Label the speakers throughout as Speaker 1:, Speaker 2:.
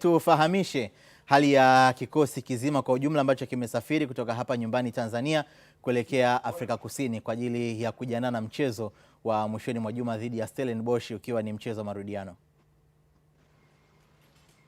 Speaker 1: Tufahamishe hali ya kikosi kizima kwa ujumla ambacho kimesafiri kutoka hapa nyumbani Tanzania kuelekea Afrika Kusini kwa ajili ya kujiandaa na mchezo wa mwishoni mwa juma dhidi ya Stellenbosch ukiwa ni mchezo wa marudiano.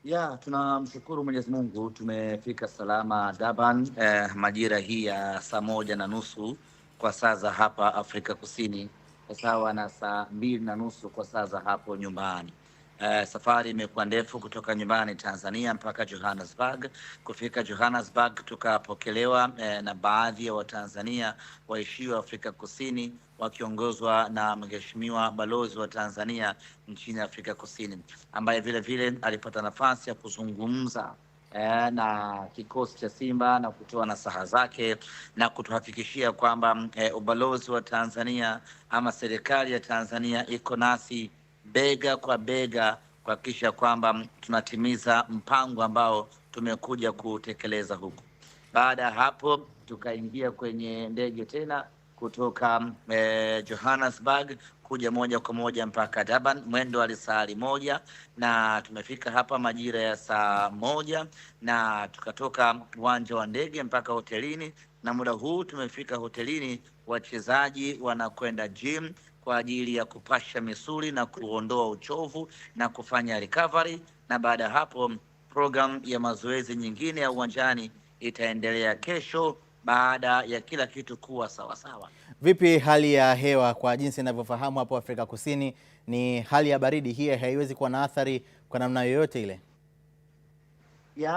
Speaker 2: Ya, tunamshukuru Mwenyezi Mungu tumefika salama Durban, eh, majira hii ya saa moja na nusu kwa saa za hapa Afrika Kusini sawa na saa mbili na nusu kwa saa za hapo nyumbani. Uh, safari imekuwa ndefu kutoka nyumbani Tanzania mpaka Johannesburg. Kufika Johannesburg tukapokelewa eh, na baadhi ya wa Watanzania waishio Afrika Kusini wakiongozwa na Mheshimiwa balozi wa Tanzania nchini Afrika Kusini ambaye vile vile alipata nafasi ya kuzungumza eh, na kikosi cha Simba na kutoa nasaha zake na kutuhakikishia kwamba eh, ubalozi wa Tanzania ama serikali ya Tanzania iko nasi bega kwa bega kuhakikisha kwamba tunatimiza mpango ambao tumekuja kutekeleza huku. Baada ya hapo, tukaingia kwenye ndege tena kutoka eh, Johannesburg kuja moja kwa moja mpaka Durban, mwendo wa moja, na tumefika hapa majira ya saa moja, na tukatoka uwanja wa ndege mpaka hotelini, na muda huu tumefika hotelini, wachezaji wanakwenda gym kwa ajili ya kupasha misuli na kuondoa uchovu na kufanya recovery, na baada ya hapo program ya mazoezi nyingine ya uwanjani itaendelea kesho baada ya kila kitu kuwa sawa sawa.
Speaker 1: Vipi hali ya hewa? Kwa jinsi ninavyofahamu hapo Afrika Kusini ni hali ya baridi, hii haiwezi kuwa na athari kwa namna yoyote ile.
Speaker 2: Ya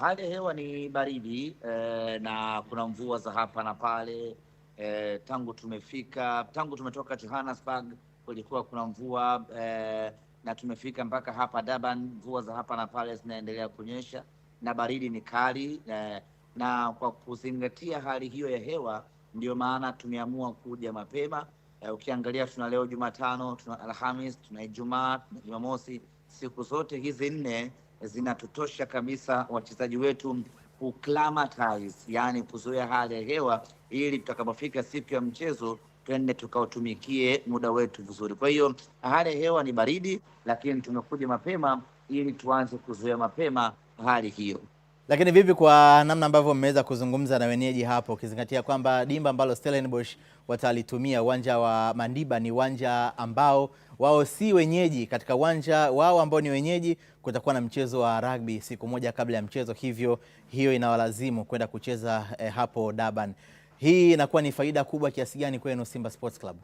Speaker 2: hali ya hewa ni baridi eh, na kuna mvua za hapa na pale eh, tangu tumefika tangu tumetoka Johannesburg kulikuwa kuna mvua eh, na tumefika mpaka hapa Durban, mvua za hapa na pale zinaendelea kunyesha na baridi ni kali eh, na kwa kuzingatia hali hiyo ya hewa ndio maana tumeamua kuja mapema eh, ukiangalia tuna leo Jumatano, tuna Alhamis, tuna Ijumaa, tuna Jumamosi. Siku zote hizi nne zinatutosha kabisa wachezaji wetu kuclimatize, yani kuzoea hali ya hewa, ili tutakapofika siku ya mchezo twende tukautumikie muda wetu vizuri. Kwa hiyo hali ya hewa ni baridi, lakini tumekuja mapema ili tuanze kuzoea mapema hali hiyo.
Speaker 1: Lakini vipi kwa namna ambavyo mmeweza kuzungumza na wenyeji hapo, ukizingatia kwamba dimba ambalo Stellenbosch watalitumia uwanja wa Mandiba ni uwanja ambao wao si wenyeji katika uwanja wao ambao ni wenyeji, kutakuwa na mchezo wa rugby siku moja kabla ya mchezo, hivyo hiyo inawalazimu kwenda kucheza eh, hapo Durban. Hii inakuwa ni faida kubwa kiasi gani kwenu Simba Sports Club?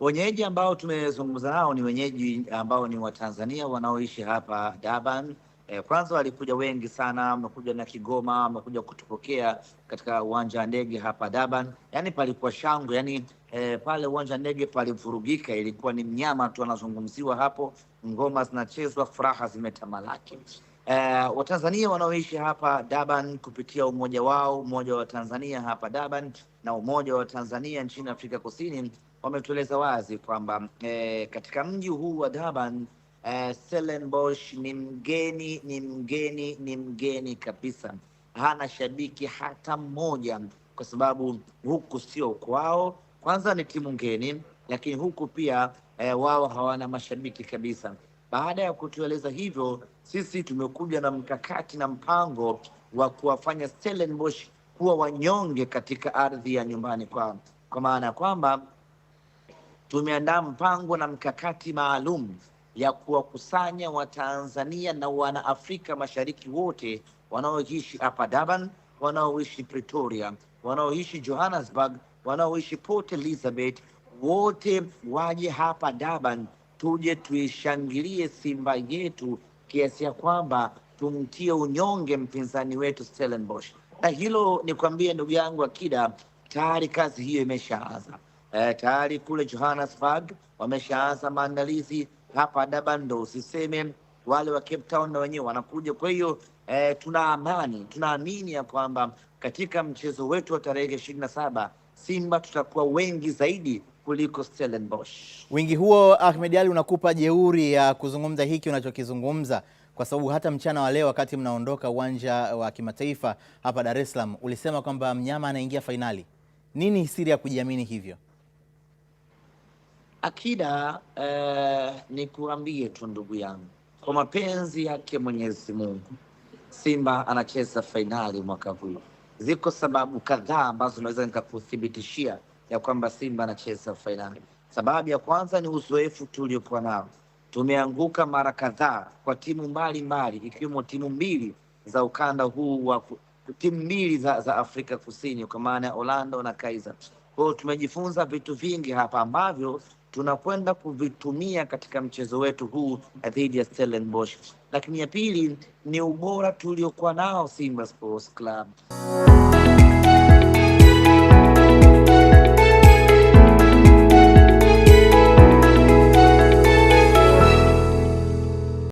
Speaker 2: Wenyeji ambao tumezungumza nao ni wenyeji ambao ni Watanzania wanaoishi hapa Durban eh, kwanza walikuja wengi sana, wamekuja na Kigoma, wamekuja kutupokea katika uwanja wa ndege hapa Durban. Yani palikuwa shangwe yani, e, eh, pale uwanja wa ndege palivurugika, ilikuwa ni mnyama tu anazungumziwa hapo, ngoma zinachezwa, furaha zimetamalaki. E, Watanzania wanaoishi hapa Durban kupitia umoja wao, umoja wa Tanzania hapa Durban na umoja wa Tanzania nchini Afrika Kusini wametueleza wazi kwamba e, katika mji huu wa Durban eh, Stellenbosch ni mgeni, ni mgeni, ni mgeni kabisa, hana shabiki hata mmoja, kwa sababu huku sio kwao. Kwanza ni timu ngeni, lakini huku pia eh, wao hawana mashabiki kabisa. Baada ya kutueleza hivyo, sisi tumekuja na mkakati na mpango wa kuwafanya Stellenbosch kuwa wanyonge katika ardhi ya nyumbani kwao, kwa maana ya kwamba tumeandaa mpango na mkakati maalum ya kuwakusanya Watanzania na Wanaafrika Mashariki wote wanaoishi hapa Durban, wanaoishi Pretoria, wanaoishi Johannesburg, wanaoishi Port Elizabeth, wote waje hapa Durban, tuje tuishangilie Simba yetu kiasi ya kwamba tumtie unyonge mpinzani wetu Stellenbosch. Na hilo ni kwambie ndugu yangu Akida, tayari kazi hiyo imeshaanza. Eh, tayari kule Johannesburg wameshaanza maandalizi hapa Durban, ndo usiseme wale wa Cape Town na wenyewe wanakuja. Kwa hiyo eh, tuna amani, tunaamini ya kwamba katika mchezo wetu wa tarehe ishirini na saba Simba tutakuwa wengi zaidi kuliko Stellenbosch.
Speaker 1: Wingi huo Ahmed ali unakupa jeuri ya kuzungumza hiki unachokizungumza kwa sababu hata mchana wa leo wakati mnaondoka uwanja wa kimataifa hapa Dar es Salaam ulisema kwamba mnyama anaingia fainali. Nini siri ya kujiamini hivyo?
Speaker 2: Akida eh, nikuambie tu ndugu yangu, kwa mapenzi yake Mwenyezi Mungu, Simba anacheza fainali mwaka huu. Ziko sababu kadhaa ambazo naweza nikakuthibitishia ya kwamba Simba anacheza fainali. Sababu ya kwanza ni uzoefu uliokuwa nao, tumeanguka mara kadhaa kwa timu mbalimbali, ikiwemo timu mbili za ukanda huu wa timu mbili za, za Afrika Kusini, kwa maana ya Orlando na Kaizer. Kwa tumejifunza vitu vingi hapa ambavyo tunakwenda kuvitumia katika mchezo wetu huu dhidi ya Stellenbosch. Lakini ya pili ni ubora tuliokuwa nao Simba Sports Club.